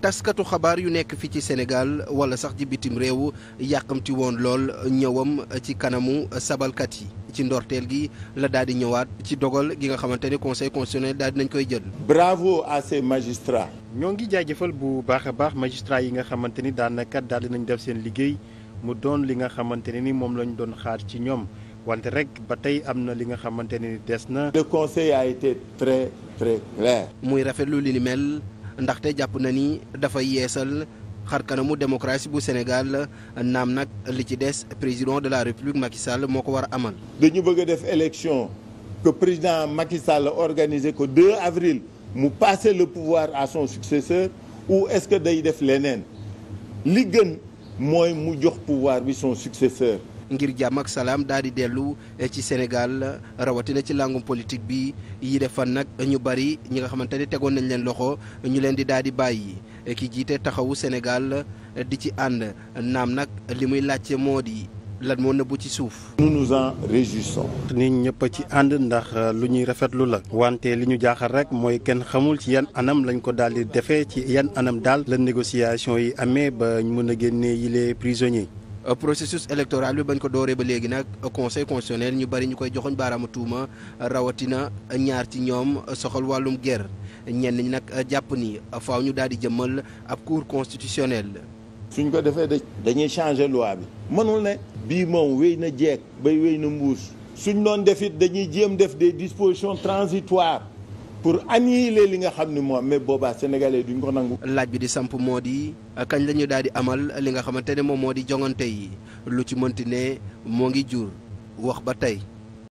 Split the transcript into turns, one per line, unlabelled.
taskatu xabaar yu nekk fii ci Sénégal wala sax ci bitim réew yàqamti woon lool ñëwam ci kanamu sabalkat yi ci ndorteel gi la daal di ñëwaat ci dogal gi nga xamante ni conseil constitutionnel daal koy jël. bravo à ces magistrats. ñoo ngi jaajëfal
bu baax a baax magistrat yi nga xamante ni daanaka daal di nañ def seen liggéey mu doon li nga xamante ne ni moom lañu doon xaar ci ñoom wante rek ba tey am na li nga xamante ni des na. le conseil
a été très très clair. muy rafetlu li ndaxte jàpp na ni dafay yeesal xar kanamu démocratie bu Sénégal naam nag li ci des président de la République Macky Sall moo ko war a amal. dañu bëgg a def élection que président Macky
Sall organisé ko 2 avril mu passer le pouvoir à son successeur ou
est-ce que day def leneen li gën mooy mu jox pouvoir bi son successeur. ngir jàmm ak salaam daal di dellu eh, ci Sénégal rawatina ci làngum politique bi yi defan nag ñu bari ñi nga xamante ne tegoon nañ leen loxo ñu leen di daal di bàyyi eh, ki jiite taxawu senegal eh, di ci ànd naam nag li muy laajte moo di lan moo nëbbu ci suuf.
nous nous en réjouissons. nit ñëpp ci ànd ndax lu ñuy rafetlu la. wante li ñu jaaxal rek mooy kenn xamul ci yan anam lañ ko daal di defee ci yan anam
daal la négociation yi amee ba ñu mën a génnee yile prisonniers. Euh, processus électoral bi bañ ko dooree ba léegi nag euh, conseil constitutionnel ñu bari ñu koy joxoñ baaraama tuuma euh, rawatina ñaar ci ñoom soxal wàllum guerre ñenn ñi nag jàpp ni faaw ñu daal di jëmmal ab cour constitutionnelle. suñ ko defee dañuy changer loi bi. mënul ne
bii moom wéy na jeeg bay wéy na mbuus. suñ doon def it dañuy jéem def des dispositions
transitoires. pour annihiler li nga xam ni moom mais boobaa du ñu ko nangu. laaj bi di samp moo di kañ la ñu daal di amal li nga xamante ne moom moo di jongante yi lu ci mënti ne moo ngi jur wax ba tey.